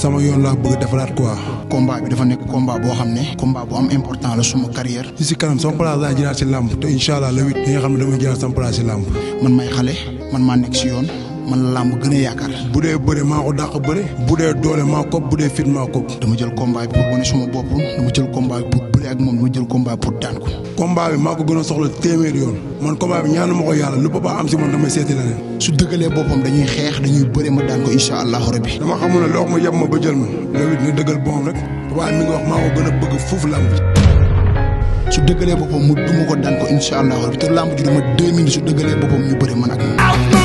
sama yoon laa bëgg defaraat quoi. combat bi dafa nekk combat boo xam ne. combat bu am important la suma carrière. si si kanam sama place laa jëlaat si làmb te incha allah le huit. nga xam ne damay jëlaat sama place si làmb. man may xale man maa nekk si yoon. man la làmb gën a yaakaar bu dee bëre maa ko dàq bëre bu dee doole maa ko bu dee fit maa ko dama jël combat bi pour wane suma bopp dama jël combat bi pour bëre ak moom dama jël combat pour daan ko combat bi maa ko gën a soxla téeméer yoon man combat bi ñaanu ma ko yàlla lu papa am si man damay seeti leneen su dëggalee boppam dañuy xeex dañuy bëre ma daan ko incha allahu rabbi dama xamul ne loo ma yem ma ba jël ma loolu dina dëggal boom rek papa mi ngi wax maa ko gën a bëgg foofu làmb su dëggalee boppam mu duma ko daan ko incha allah te lamb ji dama deux minutes su dëggalee boppam ñu bëri man ak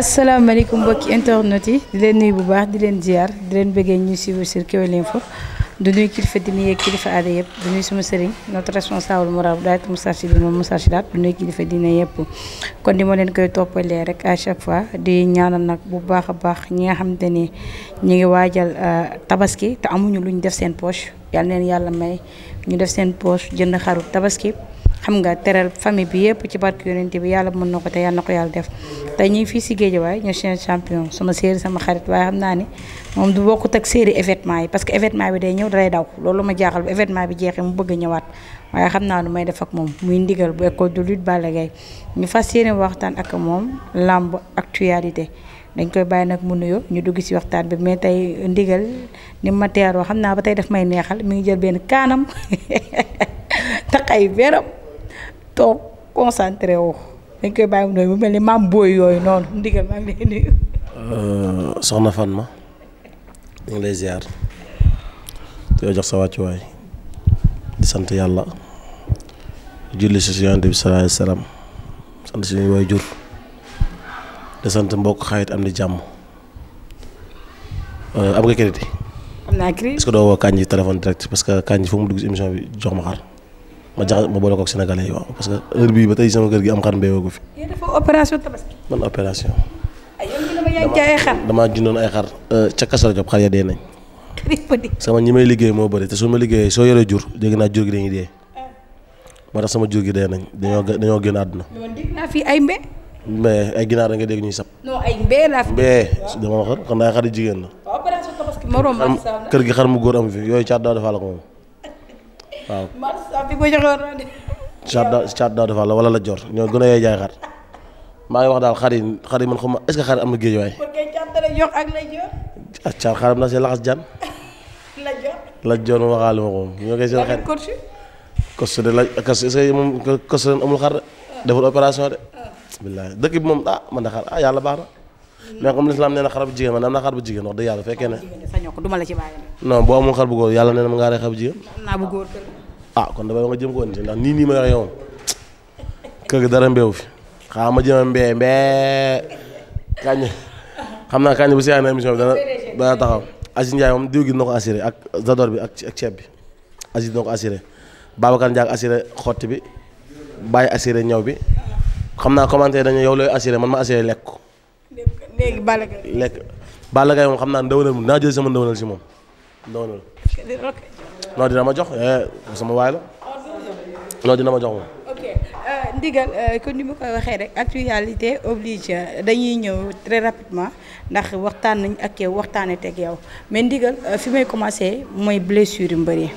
asalaamaaleykum mbokki internet yi di leen nuyu bu baax di leen ziar di leen bëggee ñu suivre sur Kewel Info du nuyu kilifa diine yeeg kilifa aada yëpp du nuyu sama sëriñ notre responsable moral bu daayira Moustarchidine moom Moustarchidaat du nuyu kilifa diine yëpp kon di ma leen koy toppalee rek à chaque fois di ñaanal nag bu baax a baax ñi nga xamante ni ñu ngi waajal euh, tabaski te amuñu lu ñu def seen poche yal neen yàlla may ñu def seen poche jënd xaru tabaski. xam nga teral famille bi yëpp ci barke yonent bi yàlla mën na ko te yàlla na ko yàlla def tey ñu ngi fii si Guédiawaye ñu seen champion sama séeri sama xarit waaye xam naa ne moom du bokkut ak séeri évétement yi parce que événement bi day ñëw day daw loolu ma jaaxal bu événement bi jeexee mu bëgg ñëwaat waaye xam naa nu may def ak moom muy ndigal bu école de lutte Balla Gaye ñu fas yéene waxtaan ak moom làmb actualité dañ koy bàyyi nag mu nuyoo ñu dugg si waxtaan bi mais tey ndigal ni ma teeroo xam naa ba tey daf may neexal mi ngi jël benn kaanam taqay toog concentré wu dañ koy bàyyi mu nooy mu mel ni maam booy yooyu noonu ndigal maa ngi euh, soxna fan ma ñu ngi lay ziar di jox sa wàccuwaay di sant yàlla julli si yonent bi sallallahu alayhi wasallam sant suñu waay jur di sant mbokk xarit am di jàmm euh, am nga crédit. am naa crédit est-ce que doo woo Kandji téléphone direct parce que Kandji fu mu dugg si émission bi jox ma xar. ma jaxas ma boole ko ak sénégalais yi waaw parce que heure bii ba tey sama kër gi am xar mbéyoo ko fi. man opération. damaa jundoon ay xar. Euh, ca Kasar Diop xar ya dee nañ. ñi may liggéey moo bëri te su ma liggéeyee soo yoree jur dégg naa jur gi dañuy dee. Ah. moo tax sama jur gi dee nañ dañoo dañoo génn àdduna. dégg ay ginaar a nga dégg ñuy sab. non ay mbé laa kon ay xar yu jigéen la. kër gi xar mu góor am fi yooyu caat daaw defal ko moom waaw marsa bi ko joxoon rànd. caat daaw la wala la ñoo gën a yooy xar maa ngi wax daal xar yi xar yi man xam ma est ce que am na la jor. ah caat xaram naa see laxas jaan. la jor waxaale ma ko ñoo koy seen xar. costu de la costu est moom amul xar de. Ah. deful opération de. Ah. dëkk moom ah man de xar ah yàlla baax na. Hmm. mais comme l'islam nee xar bu jigéen man am naa xar bu jigéen wax dëgg yàlla fekkee ne. non boo amul xar bu góor yàlla nee na ma ngaa rey xar bu jigéen. am naa bu ah kon damay nga jëm ko indi nii nii ma waxee kër gi dara mbeew fi xaaral xam naa kañ bu seexee na émission bi dana taxaw Aziz Ndiaye moom diw gi dina ko assuré ak zador bi ak ak ceeb bi Aziz dina ko assuré xotti bi Baye assuré ñaw bi xam naa commentaire dañu yow looy assuré man ma assuré lekk ko. léegi lekk Balla moom xam naa ndawanal naa jël sama ndawanal si moom ndawanal. loolu dina ma jox eh, sama waay la loolu dina ma jox moom. ok euh, ndigal kon euh, ni ma koy waxee rek actualité oblige euh, dañuy ñëw très rapidement ndax waxtaan nañ ak yow waxtaanee teg yow mais ndigal fi may commencé mooy blessure yu mbëri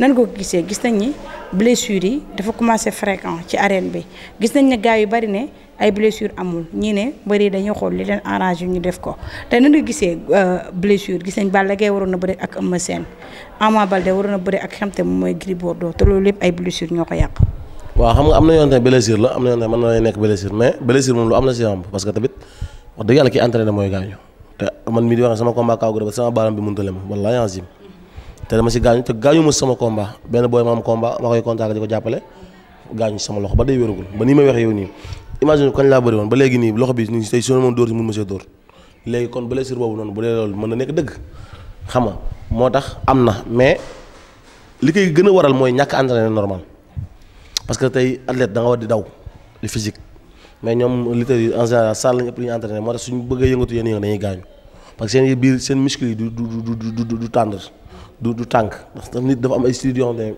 nan ko gisee gis nañ ni blessures yi dafa commencé fréquent ci arène bi gis nañ ne gars yu bari ne ay blessure amul ñii ne bëri dañuy xool li leen arrangé ñu def ko te nan nga gisee euh, blessure gis nañ Balla Gaye waroon na bëri ak Eumeu Sène Ama Baldé waroon na bëri ak xam mooy Gris Bordeaux te loolu lépp ay blessure ñoo ko yàq. waaw xam nga am na yoon blessure la am na yoon tamit mën na nekk blessure mais blessure moom lu am la si yomb parce que te dama si gaañu te gaañu ma sama combat benn booy ma am combat ma koy contact di ko jàppale gaañu sama loxo ba day wérugul ba nii may waxee yow nii imagine kañ laa bëri woon ba léegi nii loxo bi nii tey su ma dóor si mun ma see dóor léegi kon blessure boobu noonu bu dee loolu mën na nekk dëgg xam nga moo tax am na mais li koy gën a waral mooy ñàkk entraîné normal parce que tey athlète da war di daw li physique mais ñoom lutteurs yi en général salle lañu ëpp li ñu entraîné moo tax suñu bëggee yëngatu yéen yëngu dañuy parce que seen biir seen muscle du du du du parce que nit dafa am ay studio ne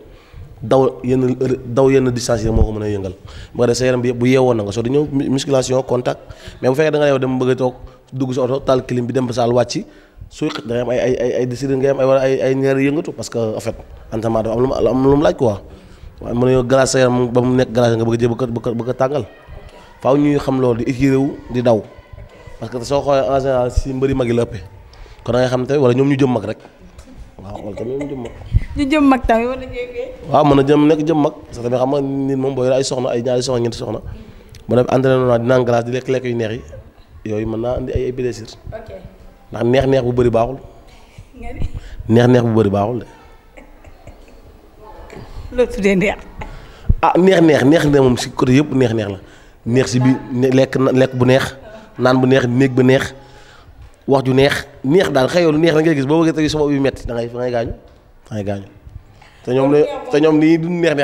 daw yenn daw yenn moo ko mën a yëngal moo tax sa yaram bi yëpp bu yeewoon na nga soo di toog dugg sa oto taal dem ba saal wàcc nga am ay ay ay que en fait entraînement dafa am lu mu laaj quoi waaye mën nañoo glace sa yaram ba mu nekk glace nga bëgg a jël bëgg a tàngal faaw ñuy xam loolu di étiré wu di daw parce que soo xoolee en général si mbëri mag yi la ëppee kon da ngay xam te wala ñoom ñu jëm mag rek waaw man tamit ñu jëm jëm mag tamit wala mën a jëm nekk jëm mag sax tamit xam nga nit moom boo yore ay soxna ay ñaari soxna ñeenti soxna. mu def entraînement naa di naan glace di lekk lekk yu neex yi yooyu mën naa andi ay blessure. ndax neex neex bu bari baaxul. neex neex bu bari baaxul de. loo tuddee neex. ah neex neex neex ne moom si côté yëpp neex neex la neex si biir lekk lekk bu neex naan bu neex néeg bu neex. wax ju neex neex daal xëyoon neex da ngay gis boo bëggee tey sama ubbi metti da ngay da ngay gaañu da ñoom la te ñoom nii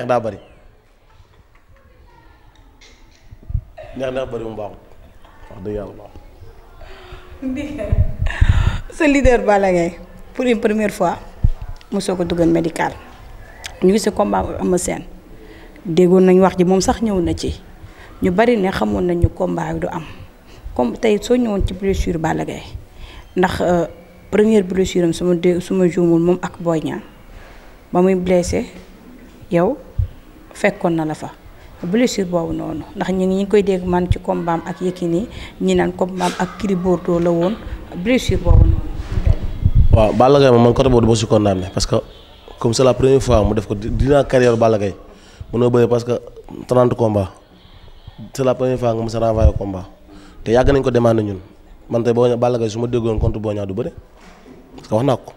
daa bari neex neex bari mu baaxul wax dëgg yàlla baaxul. sa leader Balla pour une première fois mosoo ko dugal médical ñu ngi si combat Eumeu Sène déggoon nañ wax ji moom sax ñëw na ci ñu bari ne xamoon nañu combat du am comme tey soo ñëwoon ci blessure Balla ndax euh, première blessure am suma dé suma juumul moom ak Boy Niang ba muy blessé yow fekkoon na la fa blessure boobu noonu ndax ñu ngi ñu ngi koy dégg man ci kombaam ak Yékini ñi naan kombaam ak Gris Bordeaux la woon blessure boobu noonu. waaw Balla Gaye moom man côté boobu du ma si condamné parce que comme c'est la première fois mu def ko dinaa carrière Balla Gaye mënoo bëre parce que 30 combats c'est la première fois nga mos a renvoyé te yàgg nañ ko demandé ñun. man tey boo Balla Gaye su ma déggoon compte boo ñaa du bëre parce wax naa ko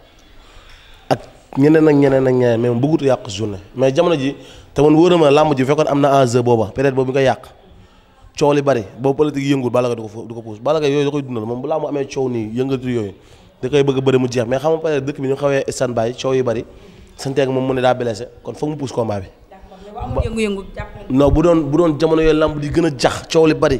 ak ñeneen ak ñeneen ak ñeneen mais mu bëggut yàq journée mais jamono ji te man wóor na ma làmb ji fekkoon am na enjeu booba période boobu bi nga yàq li bari boobu politique yëngul Balla Gaye du ko puus Balla Gaye yooyu da koy dundal moom bu laa mu amee coow nii yëngatu yooyu da koy bëgg a bëri mu jeex mais xam nga peut-être dëkk bi ñu xawee stand by coow yu bari santeeg moom mu ne daa blessé kon foog mu puus combat bi non bu doon bu doon jamono yooyu làmb di gën a jax coow li bari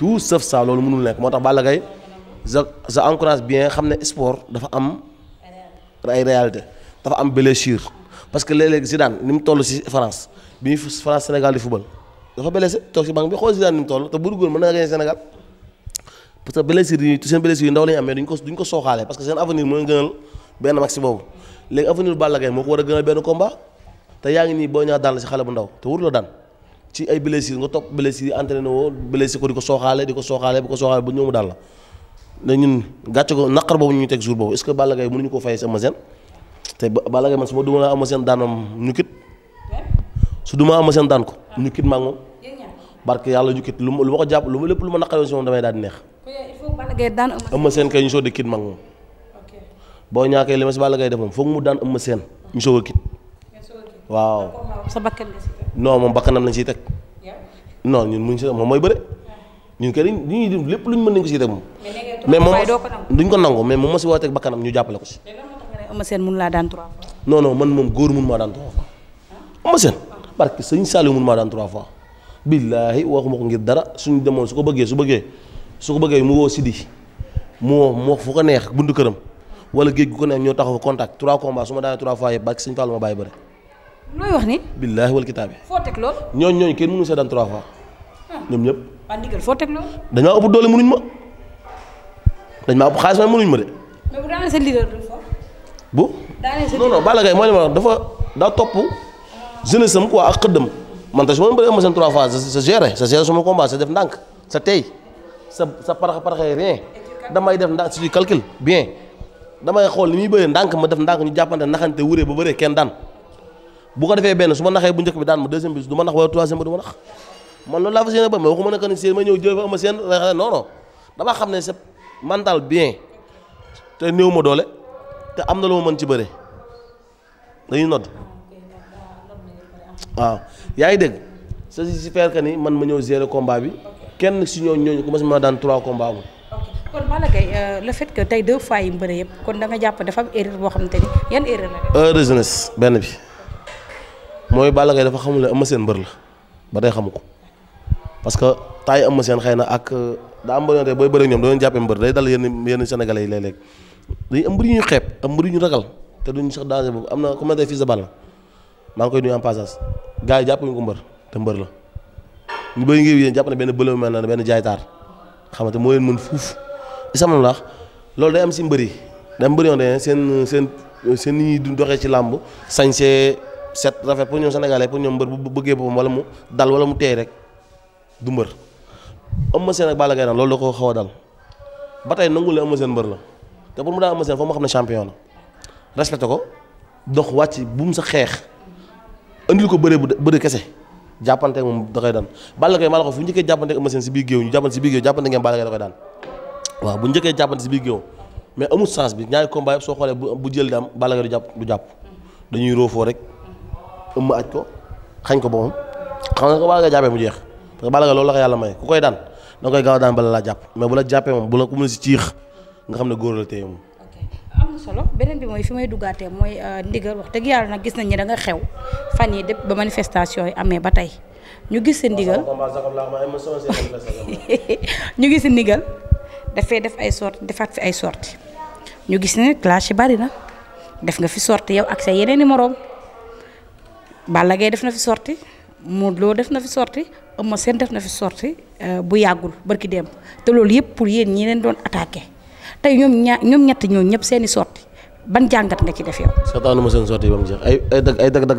tout sauf ça loolu mënul nekk moo tax Balla Gaye sa sa encourage bien xam ne sport dafa am ay réalité dafa am blessure parce que léeg-léeg Zidane ni mu toll si France bi France Sénégal di football dafa blessé toog si banque bi xool Zidane ni mu toll te bu mën na gagné Sénégal parce que blessure yi seen blessure yi ndaw la ñu amee duñ ko duñ sooxaale parce que seen avenir mooy gënal benn mag si boobu léegi avenir Balla Gaye moo ko war a te yaa ngi nii boo ñaa daan si xale bu ndaw te wur ci ay blessure nga topp blessure yi entraîné woo blessure ko di ko sooxaale di ko sooxaale bu ko sooxaale ba ñoomu daal la da ñun ko naqar boobu ñu teg jour boobu est-ce que Balla Gaye mënuñu ko fay si Eumeu Sène te Balla Gaye man su ma duma laa Eumeu Sène daanam ñu kit su duma Eumeu Sène daan ko ñu kit maag yàlla ñu kit lu ma lu ma ko jàpp lépp lu ma naqaree si moom damay daal di neex Eumeu Sène kay ñu soo di kit maag moom boo ñaakee li ma si Balla Gaye def moom foog mu daan Eumeu Sène ñu soog a kit waaw non moom bakkanam lañ siy teg non ñun muñ si moom mooy bëre ñun kay dañ ñuy dem lépp luñ mën nañ ko siy teg moom. mais moom duñ ko nangu mais moom ma si wootee teg ñu jàppale ko si. Eumeu Sène mun laa daan trois man moom góor mun maa daan trois fois. Ah. Eumeu Sène parce que sëñ Saliou mun maa daan trois fois. billaahi waxuma ko ngir dara suñu demoon su ko bëggee su bëggee su ko mu woo Sidi mu woo mu wax fu ko neex buntu këram ah. wala ñoo taxaw fa contact trois combats su ma daanee trois fois yëpp barke bàyyi bëri. looy wax ni. billaahi wal kitaabi. foo teg lool. ñooñ ñooñ kenn mënu seetaan trois fois. Ah. ñoom ñëpp. waa ndigal foo teg lool. dañ maa ëpp doole mënuñ ma. dañ maa ëpp xaalis ma mënuñ ma de. mais bu daanee sa leader du mooy li ma dafa daa topp jeunesse am quoi ak xëddam man te su ma bëree am seen trois fois sa géré sa géré suma combat sa def ndànk sa tey sa sa parax paraxee rien damay def ndànk si calcul bien damay xool ni muy bëree ndànk ma def ndànk ñu jàppante naxante wure ba bëree kenn daan bu ko defee benn su ma naxee bu njëkk bi daan ma deuxième bi du ma nax wala troisième bi du ma nax man loolu laa fas yéene ba ma waxuma ne que ni seen ma ñëw jël fa ama seen néew ma doole te am na lu mën ci bëre dañuy nodd ngi dégg sa si faire que man ma ñëw gérer combat bi kenn si ñooñu ñooñu ku ma si ma daan trois combat amul kon Balla euh, tey deux fois yi mbëre yëpp kon da jàpp dafa am boo xam ni yan erreur la. heureusement benn bi. mooy Balla Gaye dafa xamul ne Eumeu Sène mbër la ba tey xamu ko parce que taay Eumeu Sène xëy na ak euh, daa am bëri booy bëri ñoom doon jàppee mbër day dal yenn yenn sénégalais yi léeg-léeg dañuy am mbër yu ñu xeeb am mbër yu ñu ragal te duñ sax danger boobu am na ku mel ne Fils de Balla maa ngi koy nuyu en passage gars yi jàppuñu ko mbër te mbër la ñu bëri ngi yéen jàpp ne benn bële mel na benn jaaytaar xamante moo leen mën fuuf isamam laax loolu day am si mbër yi day am mbër yoo seen seen seen ni ñuy doxee ci làmb sañsee set rafet pour ñoom sénégalais pour ñoom mbër bu bëggee boppam wala mu dal wala mu teey rek du mbër Eumeu Sène ak Balla Gaye loolu da ko xaw a dal ba tey nangu la Eumeu Sène mbër la te pour mu daan Eumeu Sène foofu ma xam ne champion la respecté ko dox wàcc bu mu sa xeex andil ko bëre bu bëre kese jàppante moom da koy daan Balla Gaye maa la ko fu njëkkee jàppante Eumeu Sène si biir géew ñu jàppante si biir géew jàppante ngeen Balla Gaye da koy daan waaw bu njëkkee jàppante si biir géew mais amul sens bi ñaari combat yëpp soo xoolee bu jël daam Balla Gaye du jàpp du jàpp dañuy roofoo rek ëmb aj ko xañ ko boppam xam nga ko bala nga jàppee mu jeex parce que bala nga loolu la ko yàlla may ku koy daan da koy gaaw daan bala laa jàpp mais bu la jàppee moom bu la ko mën si ciix nga xam ne góor la téye moom. solo beneen bi mooy fi may duggaatee mooy euh, ndigal wax dëgg yàlla nag gis nañ ne da nga xew yi dëpp ba manifestation yi amee ba tey ñu gis sa ndigal ñu gis sa dafay def ay sorti defaat fi ay sorti ñu gis ne clash yi bari na def nga fi sorti yow ak sa yeneen moroom Balla Gaye def na fi sorti Modou loo def na fi sorti Eumeu Sène def na fi sorti euh, bu yàggul barki dem te loolu yëpp pour yéen ñi leen doon attaqué tey ñoom ñaa ñoom ñett ñoo ñëpp seen i sorti ban jàngat ci def yow. seetaanu ma seen sorti ba mu jeex ay ay dag ay dag-dag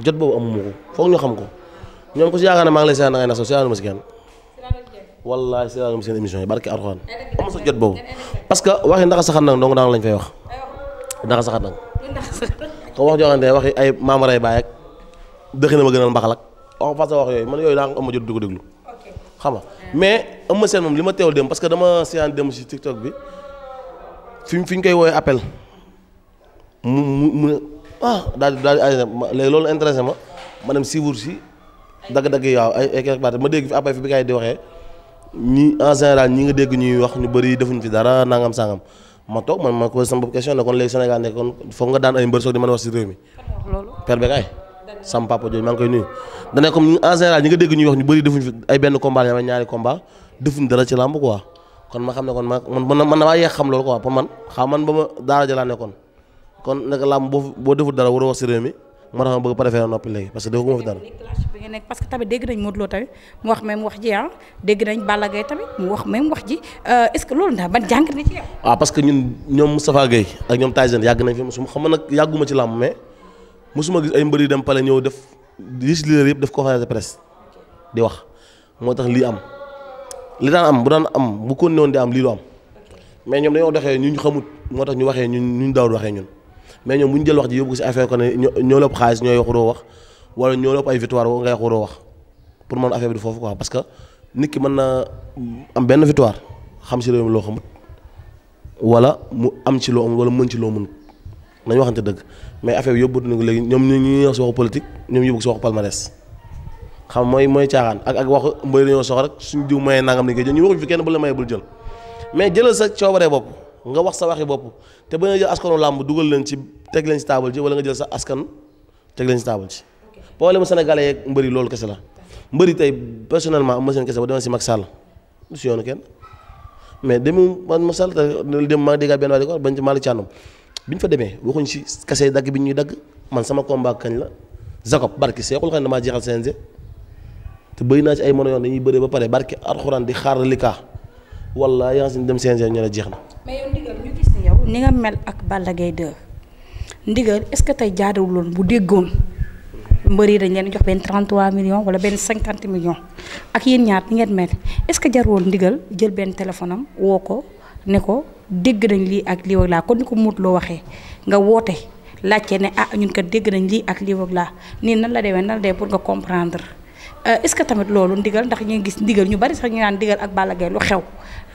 jot boobu amuma ko foog ñu xam ko ñoom ko si yaakaar maa ngi lay seetaan da ngay nax seetaanu ma si kenn. wallaahi seetaanu ma seen émission yi barki Alxuraan am sa jot boobu parce que ndax saxan nag dong daanaka lañ fay wax. ndax saxat nag comme wax joo xam ne waxi ay maamaray baay ak dëxina ma gënal mbaxal ak wax façon wax yooyu man yooyu daa am ma jot di déglu xam nga mais am li ma teewal dem parce que dama séen dem si TikTok bi fi fi koy woowee appel mu mu ah, daal di daal di léegi loolu intéressé ma ma dem siiwur si dagg-dagg yi ay ay ma dégg bi kaay di waxee ñi en général ñi nga dégg ñuy wax ñu bëri defuñ fi dara nangam sangam. ma toog man ma posé sama bopp question ne kon léegi Sénégal ne kon foog nga daan ay mbër soog di mën a wax si réew mi. loolu Père Becaye sama papa jooju maa koy nuyu. dana comme en général ñi nga dégg ñuy wax ñu bëri defuñ fi ay benn combat la ñaari combat defuñ dara ci làmb quoi kon ma xam ne kon ma man man damaa yeex xam loolu quoi pour man xam man ba ma daara ja laa kon nag làmb boo boo deful dara war a wax si réew mi moo tax ma bëgg préféré noppi léegi parce que déggu ma fi tamit dégg nañ Modou tamit mu wax même wax ji ah dégg nañ Balla Gaye tamit mu wax même wax ji euh, est-ce que loolu ndax ban jàngat na ci yow. waaw ah, parce que ñun ñoom Moustapha Guèye ak ñoom Tyson yàgg nañ fi mosuma xam nga nag yàgguma ci làmb mais mosuma gis ay mbër yu dem pale ñëw def riche leader yëpp def conférence de presse di wax moo tax lii am li daan am bu daan am bu ko néewoon di am lii lu am mais ñoom dañoo doxee ñu ñu xamut moo tax ñu waxee ñun ñu daaw waxee ñun mais ñoom bu ñu jël wax ji yóbbu ko si affaire ko ne ñoo lëpp xaalis ñooy wax wax wala ñoo lëpp ay victoire ngay wax pour man affaire bi du foofu quoi que nit ki mën na am benn victoire xam si réew loo xamut wala mu am ci loo wala mën ci loo mënut nañu waxante dëgg mais affaire bi na ko léegi ñoom ñu ñu ñëw si ñoom yóbbu ko si waxu xam mooy mooy caaxaan ak ak wax mbëri dañoo sox rek suñu diw mayee nangam ni koy jël ñu waxuñu fi kenn bu la mayee bul jël mais jëlal sa coobaree bopp nga wax sa waxi bopp te ba nga jël askanu làmb dugal leen ci teg leen ci taabal ji wala nga jël sa askan teg leen ci taabal ji problème sénégalais yeeg mbëri loolu kese la mbëri tey personnellement am ma seen kese ba demee si Macky Sall lu si yoonu kenn mais demu man Macky Sall te dem maa déggaat benn waa di ko bañ ci Malick Thiandoum bi ñu fa demee waxuñ si kese dagg bi ñuy dagg man sama combat kañ la Jacob barki seexul xam ma damaa jeexal CNG te bëri naa ci ay mono yoon dañuy bëree ba pare barki alxuraan xaar lika wala yaa ngi dem CNG ñu ne jeex na mais yow ndigal ñu gis yow ni nga mel ak Balla Gaye 2 ndigal est-ce que tey jaaduwul woon bu déggoon mbër yi dañ leen jox benn 33 millions wala benn cinquante millions ak yéen ñaar ni ngeen mel est-ce que jarul woon ndigal jël benn téléphone woo ko ne ko dégg nañ lii ak lii ak laa kon ni ko Modou Lo waxee nga woote laajte ne ah ñun ko dégg nañ lii ak lii ak laa nii nan la demee nan la demee pour nga comprendre euh, est-ce que tamit loolu ndigal ndax ñu ngi gis ndigal ñu bari sax ñu naan ndigal ak Balla lu xew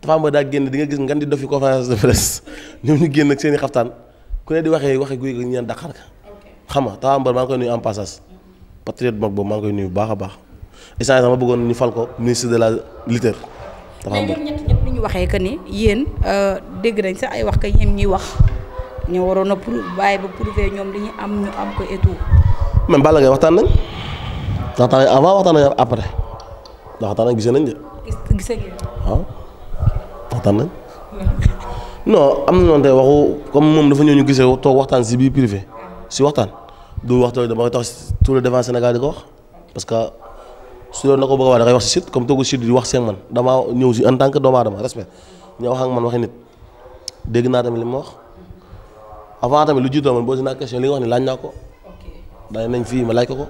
Tapha Mbeur daa génn di nga gis ngan di dofi conférence de presse ñoom ñu génn ak seen i xaftaan ku ne di waxee waxe guy gi ñaan Dakar ka xam nga Tapha Mbeur maa ngi koy nuyu en passage mm-hmm. mag boobu maa ngi koy nuyu bu baax a baax échange sama bëggoon ñu fal ko ministre de la lutte Tapha Mbeur ñett ñu waxee que ni yéen euh, dégg nañ sax ay wax que yéen ñuy wax ñu waroon a pour bàyyi ba prouver ñoom li ñu am ñu am ko et tout. même Balla Gaye waxtaan nañ waxtaan nañ avant waxtaan nañ après waxtaan nañ gisee nañ de. gis waxtaan nañ non am na noonu tey waxu comme moom dafa ñëw ñu gisee toog waxtaan si biir privé si waxtaan du waxtaan dama koy tax tout le devant Sénégal di ko wax parce que su doon na ko bëgg a wax da koy si wax seen man damaa ñëw si en tant que doomu aadama respect ñu wax ak man waxi nit dégg naa tamit li ma wax avant tamit lu jiitoo man posé naa question li nga wax ni laaj naa ko daañu nañ fii ma laaj ko ko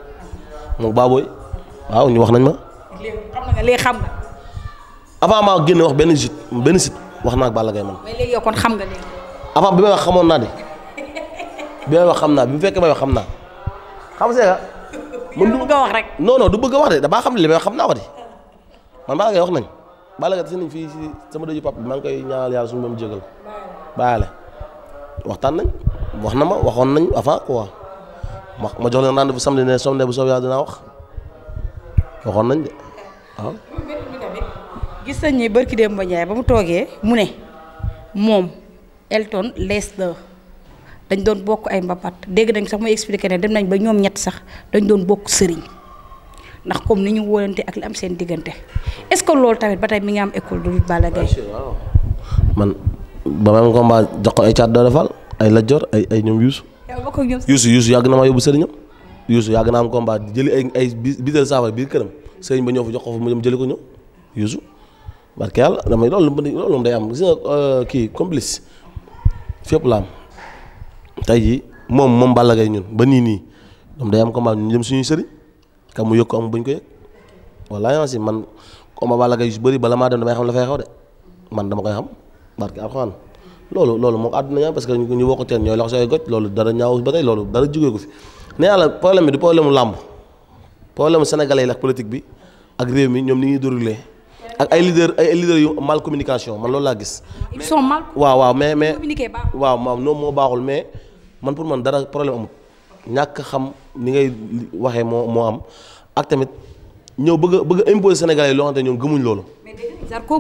moom baabooy waaw ñu wax nañ ma. avant maa génn wax benn site benn site wax naa ak Balla Gaye man. mais xam nga léegi. avant bi may wax xamoon naa de bi may wax xam naa bi mu fekkee may wax xam naa xam see man du bëgg a wax rek. du bëgg a wax de li may xam naa ko de man wax nañ Balla Gaye tase nañ fii si sama dëju pap bi maa ngi koy ñaanal yàlla suñu moom jégal waxtaan nañ wax na ma waxoon nañ avant ma ma jox leen rendez-vous samedi ne samedi bu soobee yàlla dinaa wax waxoon nañ de waaw. gis nañ ni barki Demba Ndiaye ba mu toogee mu ne moom Elton lees la dañ doon bokk ay mbapat dégg nañ sax muy expliqué ne dem nañ ba ñoom ñett sax dañu doon bokk sëriñ ndax comme ni ñu wóolante ak li am seen diggante est-ce que loolu tamit ba tey mi ngi am école du Balla Gaye man ba ma combat jox ko ay caat doo defal ay lajjor ay ay ñoom yuusu yuusu yuusu yàgg na maa yóbbu sëriñam yuusu yàgg na am combat jëli ay ay biital saafara biir këram sëriñ ba ñëw fa jox ko fa mu jëli ko ñëw yuusu barke yàlla damay loolu loolu moom day am gis nga euh, kii complice fépp la am tey jii moom moom Balla ñun ba nii nii moom day am combat ñu jëm suñuy sëriñ kam mu yëg ko am bañ ko yëg wallaahi si man combat Balla Gaye yu bala maa dem damay xam la fay xaw de man dama koy xam barke alxuraan loolu loolu moom àdduna ñaam parce que ñu bokk teen ñooy lax si ay goj loolu dara ñaaw ba tey loolu dara jógee ko fi ne yàlla bi du problème mu làmb problème mu sénégalais bi ak réew mi ñoom ni ñuy déroulé ak ay leader ay leader yu mal communication man loolu laa gis. ils waaw waaw mais mais waaw maam noonu moo baaxul mais man pour man dara problème amut ñàkk xam ni ngay waxee moo moo am ak tamit ñëw bëgg bëgg a imposer Sénégalais yi loo xam ñoom gëmuñ loolu. mais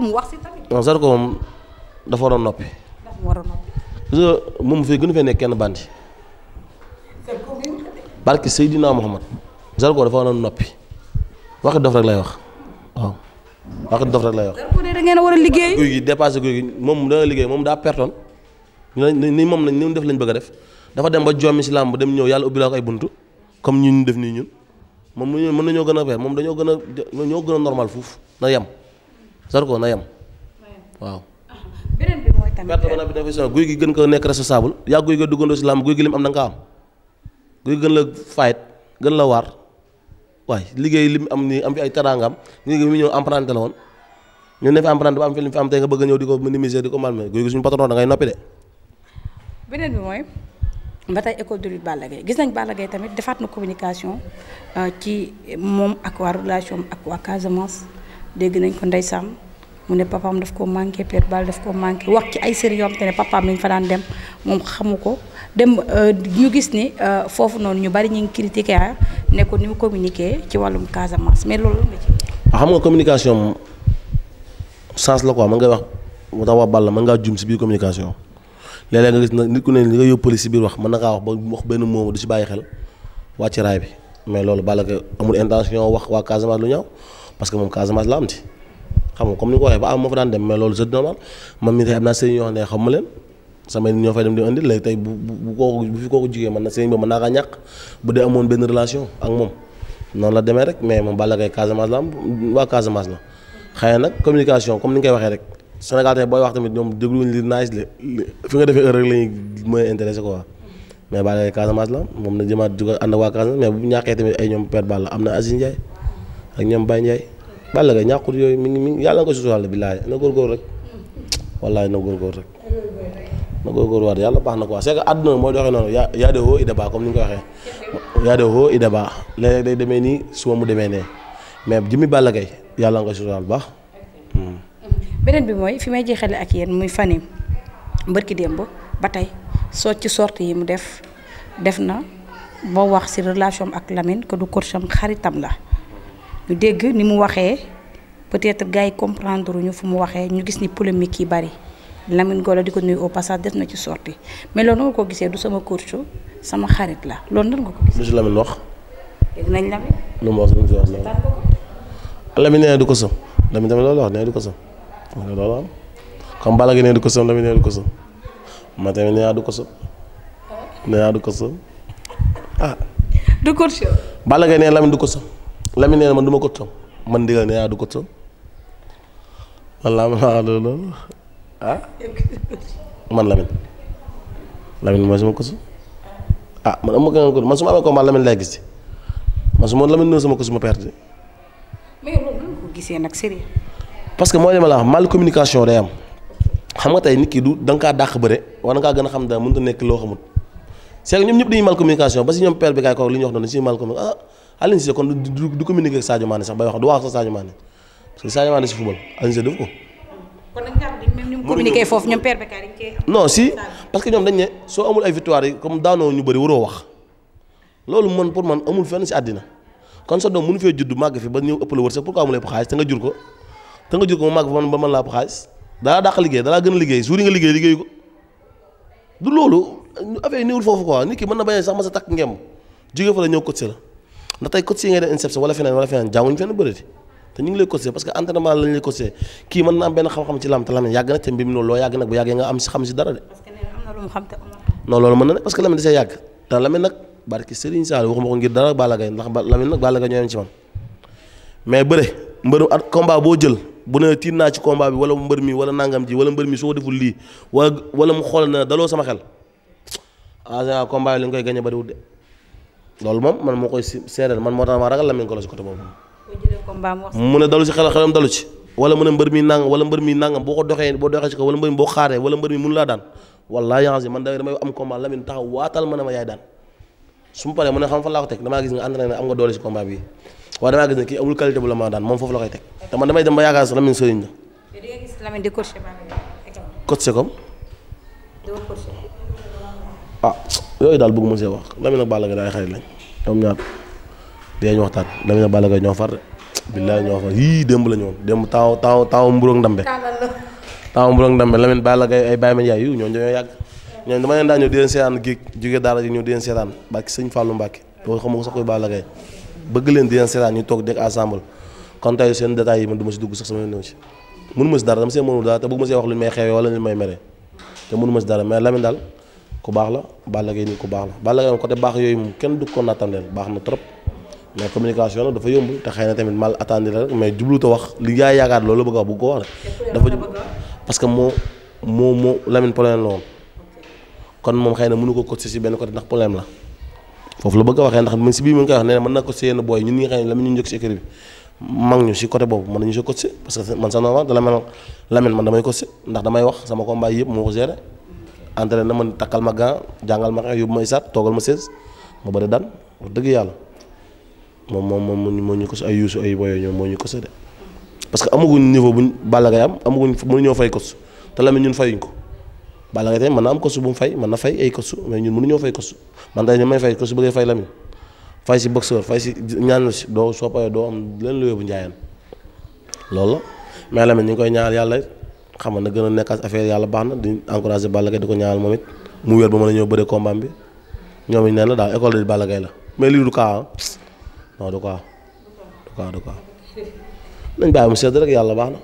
mu wax si tamit. moom dafa waroon noppi. dafa waroon noppi. parce que moom fii gënu fee nekk kenn bandi. barke Seydina Mohamed Zarko dafa waroon noppi waxi dof rek lay wax wax dof rek lay wax. da ngeen a liggéey. guy gi dépassé guy gi moom da nga liggéey moom daa pertoon ni moom lañ ni def lañ bëgg a def dafa dem ba jommi si làmb dem ñëw yàlla ubbi la ko ay buntu comme ñun ñu def nii ñun moom ñun mën nañoo gën a peer moom dañoo gën a ñoo gën a normal fuuf na yem Zarko na yem waaw. beneen bi mooy tamit perte bi dafa guy gi gën ko nekk responsable yaa guy ga duggandoo si làmb guy gi lim am na nga am guy gën la fayit gën la waar waaye liggéey li mu am nii am fi ay teraangam liggéey bi mu ñëw emprunté la woon ñu ne fi emprunté ba am fi li mu fi am tey nga bëgg a ñëw di ko minimiser di ko malmé guy gi suñu patron bi mooy ba tey école de lutte Balla gis nañ Balla Gaye tamit defaat na communication euh, ci moom ak waa relation ak waa Casamance dégg nañ ko ndeysaan mu ne papaam daf ko manqué Père Balla daf koo manqué wax ci ay séries yoo xam te ne papaam lañ fanaan daan dem moom xamu ko. dem euh, ñu gis ni euh, foofu noonu ñu bari ñu ngi critiqué ah ne ko ni mu communiqué ci wàllum Casamance mais loolu ah, xam nga communication sens la quoi nga wax mu tax wax Balla mën ngaa jum si biir communication léeg-léeg nga gis nag nit ku ne li nga yóbbu police si biir wax mën na kaa wax ba wax benn moomu du si bàyyi xel wàcc raay bi mais loolu Balla Gaye amul intention wax waa Casamance lu ñaaw parce que moom Casamance la am ci xam nga comme ni ko waxee ba am moo fa daan dem mais loolu c'est normal man mii tey am naa sëriñ yoo xam ma leen. samay nit ñoo fay dem di indi léegi tey bu bu kooku bu fi kooku jigee man na sëñ ba man naa kaa ñàkk bu dee amoon benn relation ak moom noonu la demee rek mais moom Balla Gaye Casamance la am waa Casamance la xëy nag communication comme ni koy waxee rek Sénégal tey booy wax tamit ñoom dégluwuñ li naaj la fi nga defee heure la mooy intéressé quoi mais Balla Gaye Casamance la am moom na jëmaat juga ànd ak waa Casamance mais bu ñàkkee tamit ay ñoom Père Balla am na Aziz Ndiaye ak ñoom Baye Ndiaye Balla Gaye ñàkkut yooyu mi ngi mi ngi yàlla na ko susuwàll bi laaj na góorgóor rek wallaay na góorgóor rek na góorgóorluwaat yàlla baax na quoi c'est que àdduna mooy doxee noonu yaa yaa de woo i débat comme ni nga ko waxee i débat demee nii suba mu demee nee mais jëmmi Balla Gaye yàlla nga suturaal baax. Hmm. beneen bi mooy fi may jeexee jeexale ak yéen muy fani mbërki démb ba tey soo ci sorte yi mu def def na boo wax ci relation ak Lamine que du kursam xaritam la ñu dégg ni mu waxee peut-être gars yi comprendre ñu fu mu waxee ñu gis ni polémique yi bari Lamine Golo di ko nuyu au passage def na ci sorti mais loolu nga ko gisee du sama coach sama xarit la loolu nan nga ko gisee. lu si Lamine wax. dégg nañ Lamine. lu mu wax lu mu si wax Lamine. Lamine nee na du ko sëm Lamine tamit loolu wax nee na du ko sëm loolu am comme Balla Gaye nee na du ko sëm Lamine nee na du ko sëm man tamit nee naa du ko sëm. Ah. nee naa du ko sëm ah. du coach. Balla Gaye nee na Lamine du ko sëm Lamine nee na man du ma ko sëm man ndigal nee naa du ko sëm. wallaahi ma loolu. ah man Lamine Lamine mooy sama kusu ah man am ma gën a gudd man su ma amee combat Lamine lay gis ci man su ma Lamine noo sama kusu ma perte. mais loolu ko gisee nag sérieux que mooy li ma mal communication day am xam nga tey nit ki du da nga kaa dàq bëre war na kaa gën a xam dara mënut a nekk loo xamut c'est que ñoom ñëpp dañuy mal communication ba si ñoom père bi kaay kooku li ñu wax noonu dañu mal communication ah kon du du communiquer ak sax bay wax du wax sax Sadio Mané parce communiquer foofu ñoom Père Bécaye dañ cee non si parce que ñoom dañ ne soo amul ay victoire yi comme daanoo ñu bëri waroo wax loolu man pour man amul fenn si àddina kon sa doom mënu fee judd màgg fi ba ñëw ëpp la wërsëg pourquoi mu lay ëpp xaalis te nga jur ko te nga jur ko mu màgg fi man ba mën laa ëpp xaalis dalaa dàq liggéey dalaa gën a liggéey suuri nga liggéey liggéey ko du loolu affaire yi néewul foofu quoi nit ki mën na bañee sax ma sa takk ngemb jóge fa la ñëw coach la ndax tey te ñu ngi lay coaché parce que entraînement lañ lay coaché kii mën na am benn xam-xam ci lam te lam yàgg nag te mbir mi loolu loo yàgg nag bu yàggee nga am si xam si dara de. parce que nee na am na lu mu xam te non loolu mën na ne parce que lam da see yàgg te lam nag barki Serigne Sall waxuma ko ngir dara Balla Gaye ndax lam nag Balla Gaye ñoo ci man mais bëre mbëru at combat boo jël bu ne tiit naa ci combat bi wala mbër mi wala nangam ji wala mbër mi soo deful lii wala wala mu xool na daloo sama xel en général combat yi li nga koy gagné bariwul de loolu moom man moo koy seeral man moo tax ma ragal Lamine Golo si côté boobu mu ne dalu ci xel xelam dalu si wala mu ne mbër mi nangam wala mbër mi nangam boo ko doxee boo doxee ci ko wala mbër mi boo xaaree wala mbër mi mënu laa daan wallaahi yangi man da damay am combat Lamine taxaw waatal ma ne ma yaay daan su mu paree mu ne xam laa ko damaa gis nga entraîné am nga doole ci combat bi waaye damaa gis ne kii amul qualité la ma daan moom foofu la koy dem ba yaakaar sax Lamine sëriñ la coaché comme ah yooyu daal ma see wax Lamine ak Balla Gaye daay xarit lañ ñoom ñaar dinañ waxtaan Lamine ak Balla Gaye ñoo far billaay ñoo fa yii démb la ñu woon démb taaw taaw taaw mburoog ndambe taaw mburoog ndambe Lamine Balla Gaye ay Baye Mandiaye yu ñooñu dañoo yàgg ñooñu dama leen daa ñëw di leen seetaan géej jóge daara ji ñëw di leen seetaan barki sëñ Fallou Mbacke loolu xam nga sax koy Balla bëgg leen di leen seetaan ñu toog dégg ensemble kon tey seen détails yi ma du si dugg sax sama néew ci mënu ma si dara dama see mënul dara te bëgg ma see wax lu may xeewee wala lu may mere te mënu ma dara mais Lamine daal ku baax la Balla ku baax la Balla baax yooyu moom kenn du ko nattam leen baax na trop mais communication nag dafa yomb te xëy na tamit mal attendre rek mais jublu ta wax li gaa yaakaar loolu la bëgg a wax bu ko wax rek dafa jub parce que moo moo moo Lamine problème la woon kon moom xay na mënu ko coacher si benn côté ndax problème la foofu la bëgg a waxee ndax man si biir mi ngi koy wax nee na mën na coacher yenn booy ñun ñi ñu njëkk si équipe si côté boobu mën nañu si coacher parce que man sax normal Lamine Lamine man damay coacher ndax damay wax sama combat yëpp moo ko gérer entraîné na man takkal ma gant jàngal ma xeex yóbbu ma isaat toogal ma ma bëri daan wax dëgg yàlla moom moom moom moo ñu ko sa ay yuusu ay boyo ñoom moo ñu ko sa de parce que amaguñ niveau buñ Balla Gaye am amaguñ mënuñoo fay kos te Lamine ñun fayuñ ko Balla Gaye tamit mën na am kos bu mu fay mën na fay ay kos mais ñun mënuñoo fay kos man day ne may fay kos bëggee fay Lamine fay si boxeur fay si ñaanal si doo soo payee doo am leen lu yóbbu njaayaan loolu la mais Lamine ñu ngi koy ñaanal yàlla xam na gën a nekk affaire yàlla baax na di encouragé Balla Gaye di ko ñaanal moom it mu wér ba mën a ñëw bëre combat bi ñoom it nee na daal école de Balla Gaye la mais lii du cas ah. non ko am. du ko am du ko am nañ yàlla baax na.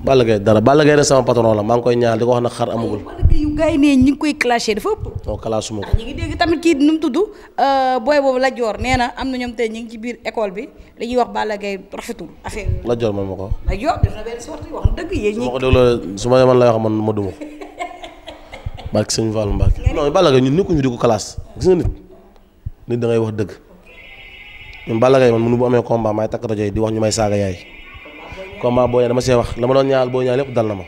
Balla Gaye dara Balla Gaye de sama patron la maa ngi koy ñaanal di ko wax na xar amagul. Balla Gaye ñu ngi koy clashé dafa ëpp. non clashé tamit kii nu mu tudd euh, booy boobu Lat Dior nee na am na ñoom tey ñu ci biir école bi dañuy wax Balla Gaye rafetul la bi. ma Dior ma ko. Lat su ma ko dégloo su ma man lay wax man ma duma ko. Barke Sëñ Fallou Mbacke. non Balla Gaye ñun nekkuñu di ko classé gis nit. nit da ngay wax dëgg ñun Balla Gaye man mënu bu amee combat maay takk rajo yi di wax ñu may saaga yaay combat boo ñaa dama see wax la ma doon ñaal boo ñaa lépp dal na ma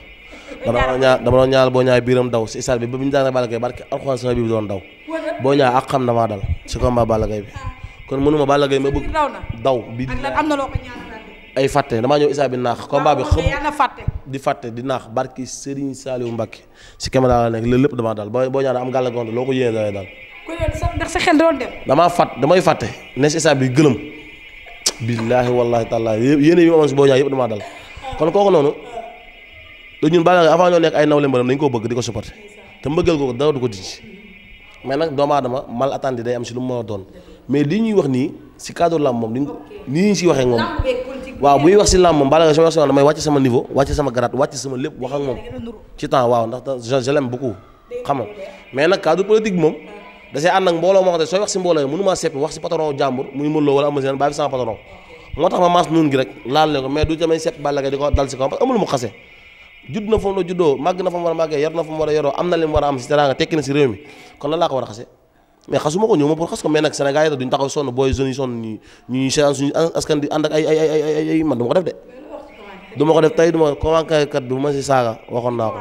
dama doon ñaal boo ñaa biiram daw si isaar bi ba bu ñu daana Balla Gaye barke alxuraan sama bi bi doon daw boo ñaa ak xam damaa dal si combat Balla Gaye bi kon mënuma Balla Gaye ma bëgg daw bi ay fàtte damaa ñëw bi naax combat bi xam di fàtte di naax barki Serigne Saliou Mbacké si caméra la nekk lépp damaa dal boo ñaa am gàllankoor loo ko yéene dalay dal damaa fàtt damay fàtte nécessaire bi gëlëm billaahi wallaahi taalaa yéene yi ma amoon si boo ñaa yëpp damaa dal kon kooku noonu da ñun baa nga avant ñoo nekk ay nawle mbërëm dañ koo bëgg di ko supporter te mbëggeel ko dara ko dindi mais nag doomu aadama mal attendu day am si lu mu mën doon mais li ñuy wax nii si cadre làmb moom ni nii ñu siy waxee moom waaw bu ñuy wax si làmb moom bala nga sama wax sama damay wàcc sama niveau wàcc sama grade wàcc sama lépp wax ak moom ci temps waaw ndax je l'aime beaucoup xam nga mais nag cadre politique moom da see ànd ak mbooloo moo xam ne sooy wax si mbooloo yi maa seppi wax si patron jàmbur muy mënuloo wala amul seen bàyyi sama patron moo tax ma maas nuun gi rek laal le ko na a màggee a yoroo a am si teraanga tekki na si réew mi kon la laa a xase mais xasuma ma pour ko mais nag Sénégal ko def de du ko def tey kat bi ma si saaga waxoon naa ko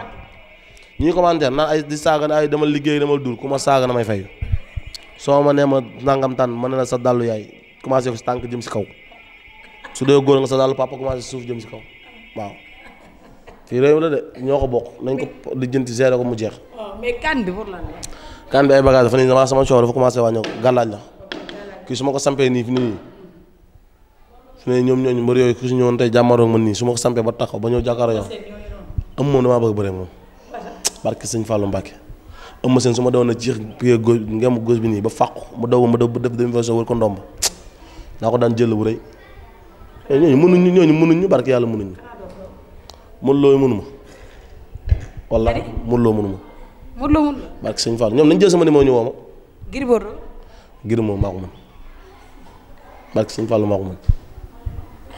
ñii commentaire naan ay di saaga ne ay dama liggéey dama dul ku ma saaga na may fay soo ma nee ma nangamtaan tànn ma ne la sa dàll yaay commencé ko si tànk jëm si kaw su dee góor nga sa dàllu papa commencé suuf jëm si kaw waaw fii réew ñoo ko bokk nañ ko lijjanti gérer ko mu jeex. waaw oh, mais kan bi pour lan sama coow dafa commencé wàññeeku gàllaaj la kii su ma ko sampee nii fi nii ne ñoom ñooñu mbër yooyu ku si ñëwoon tey jàmmaroog man nii su ma ko ba taxaw ba ñëw jàkkaarloo yow am moom damaa bëgg bëre moom. barke sëñ Fallou Mbacke ëmb seen su ma doon a jeex pied gauche ngemu gauche bi nii ba fàqu mu daw ma daw ba def demi version wër ko ndomb naa ko daan jël bu rëy eh, ñooñu mënuñu ñooñu mënuñu barke yàlla mënuñu mënu looyu mënu ma wala mënu loo mënu ma mënu loo mënu barke sëñ Fallou ñoom nañ jël sama ma Gris Bordeaux Gris moom maa ko mën barke sëñ Fallou maa ko mën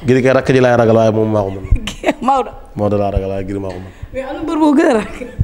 Gris kay rakk ji laay ragal waaye moom maa ko mën Maodo Maodo laa ragal waaye Gris maa ko mën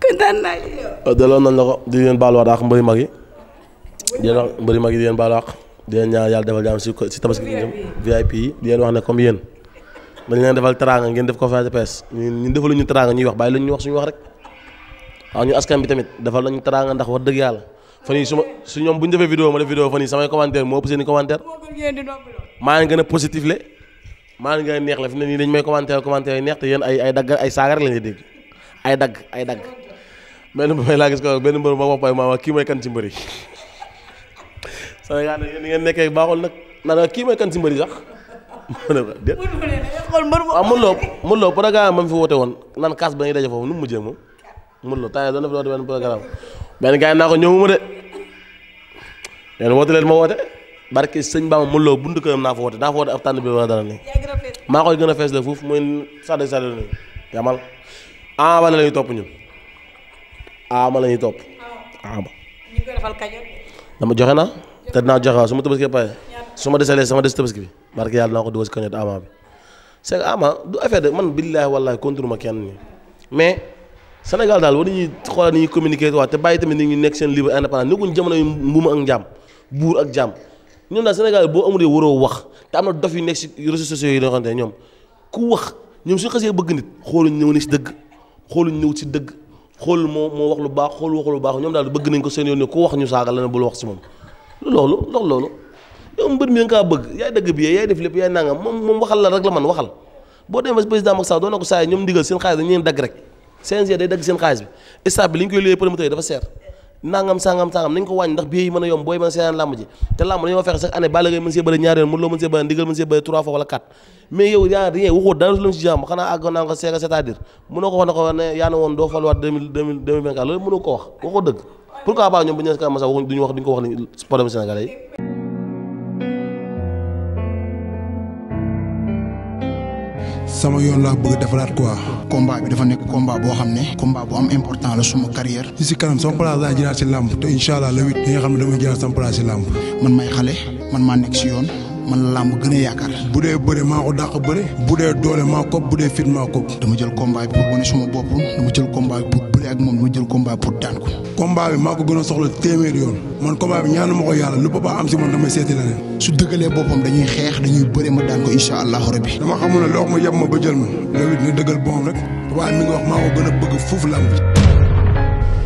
kontaan naa ci yow. Euh, delloo nañ la ko di leen baalu àq mbëri mag yi di wax mbëri mag yi di leen baalu àq di leen ñaan yàlla defal jàmm si si tabaski gi ñoom VIP di leen wax ne comme yéen dañ leen defal teraanga ngeen def conférence de presse ñun ñun defalu ñu ñuy wax bàyyi la ñuy wax suñu wax rek waaw ñu askan bi tamit defal lañu teraanga ndax wax dëgg yàlla fan yii su ma su ñoom bu ñu defee vidéo ma def vidéo fan yii samay commentaire moo ëpp seen i commentaire maa ngi gën a positif le maa ngi gën neex la fi ne nii dañu may commentaire commentaire yu neex te yéen ay ay dagg ay saaga rek lañuy ay dagg ay dagg benn mbay laa gis ko benn mbër ma wax ma kii mooy kan ci mbër yi Sénégal yéen ngeen nekkee baaxul nag naan kii mooy kan ci mbër yi sax. mu ko déet waaw mun ah, ma woon naan kaas ba ñuy daje foofu nu mu mujjee moom mun loo temps doon benn programme naa ko ñëwuma de yéen woote leen ma woote barke sëñ Bamba mun loo buntu naa fa woote naa fa woote ab tànn bi wala dara nii maa koy gën a fees la foofu muy sàdd sàdd yamal ah wala la topp ñun ama la ñuy topp. ama ñu koy defal kañoon. dama joxe naa te dinaa joxe waaw su ma tabaski ba su ma desee desalee sama des tabaski bi barke yàlla naa ko dugal si kañoon ama bi c' est que ama du affaire de man billaahi wallaahi contre ma kenn nii mais Sénégal daal war nañuy xoolal ni ñuy communiquer waa te bàyyi tamit ni ñu nekk seen libre indépendant nekkuñ jamono yu mbuuma ak njaam buur ak jaam ñoom daal Sénégal boo amulee waroo wax te dof yu nekk si réseaux sociaux yi nga xamante ne ñoom ku wax ñoom su xasee bëgg nit xooluñ ñëw ni si dëgg xoolu ñëw si dëgg xool moo moo wax lu baax xool waxul lu baax ñoom daal bëgg nañ ko seen yoon ne ku wax ñu saaga la ne bul wax si moom loolu ndox loolu yow mbër mi nga bëgg yaay dëgg bi yaay def lépp yaay nangam moom moom waxal la rek la man waxal boo demee président Macky Sall doon na ko saa yi ñoom ndigal seen xaalis dañu leen dagg rek CNG day dagg seen xaalis bi stade bi li ñu koy luyee promoteur dafa seer nangam sangam sangam nañ ko wàññi ndax bii yi mën a yomb booy mën a seetaan làmb ji te làmb dañoo fexe chaque année Balla Gaye mën see bëri ñaari yoon Modou Lô mën see bëri ndigal mën see bëri trois fois wala quatre mais yow yaa rien waxoo dara lu ci jàmm xanaa àgg naa ko seega ko wax ne ko ne yaa ne woon ñoom bu ñu si kanam sax duñu wax duñu ko wax ni problème sénégalais yi sama yoon laa bëgg defaraat quoi. combat bi dafa nekk combat boo xam ne. combat bu am important la suma carrière. si si kanam sama place laa jëlaat si làmb te incha allah le huit. nga xam ne damay jëlaat sama place si làmb. man may xale man maa nekk si yoon. man làmb gën a yaakaar bu dee bëre maa ko dàq bëre bu dee doole maa ko bu dee fit maa ko dama jël combat bi pour wane suma bopp dama jël combat bi pour bëre ak moom dama jël combat pour daan ko combat bi maa ko soxla téeméer yoon man combat bi ñaanu ma ko yàlla lu papa am si man damay seeti leneen su dëggalee boppam dañuy xeex dañuy bëre ma daan ko incha allahu rabbi dama xamul ne loo ma yem ma ba jël ma loolu dina dëggal boom rek papa mi ngi wax maa ko gën a bëgg foofu làmb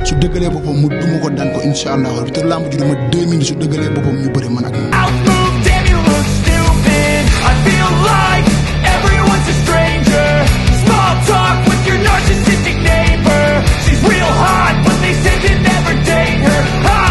su dëggalee boppam mu duma ko daan ko incha allahu rabbi te làmb ju dama deux minutes su dëggalee boppam ñu bëre man ak moom She's real hot, but they said to never date her.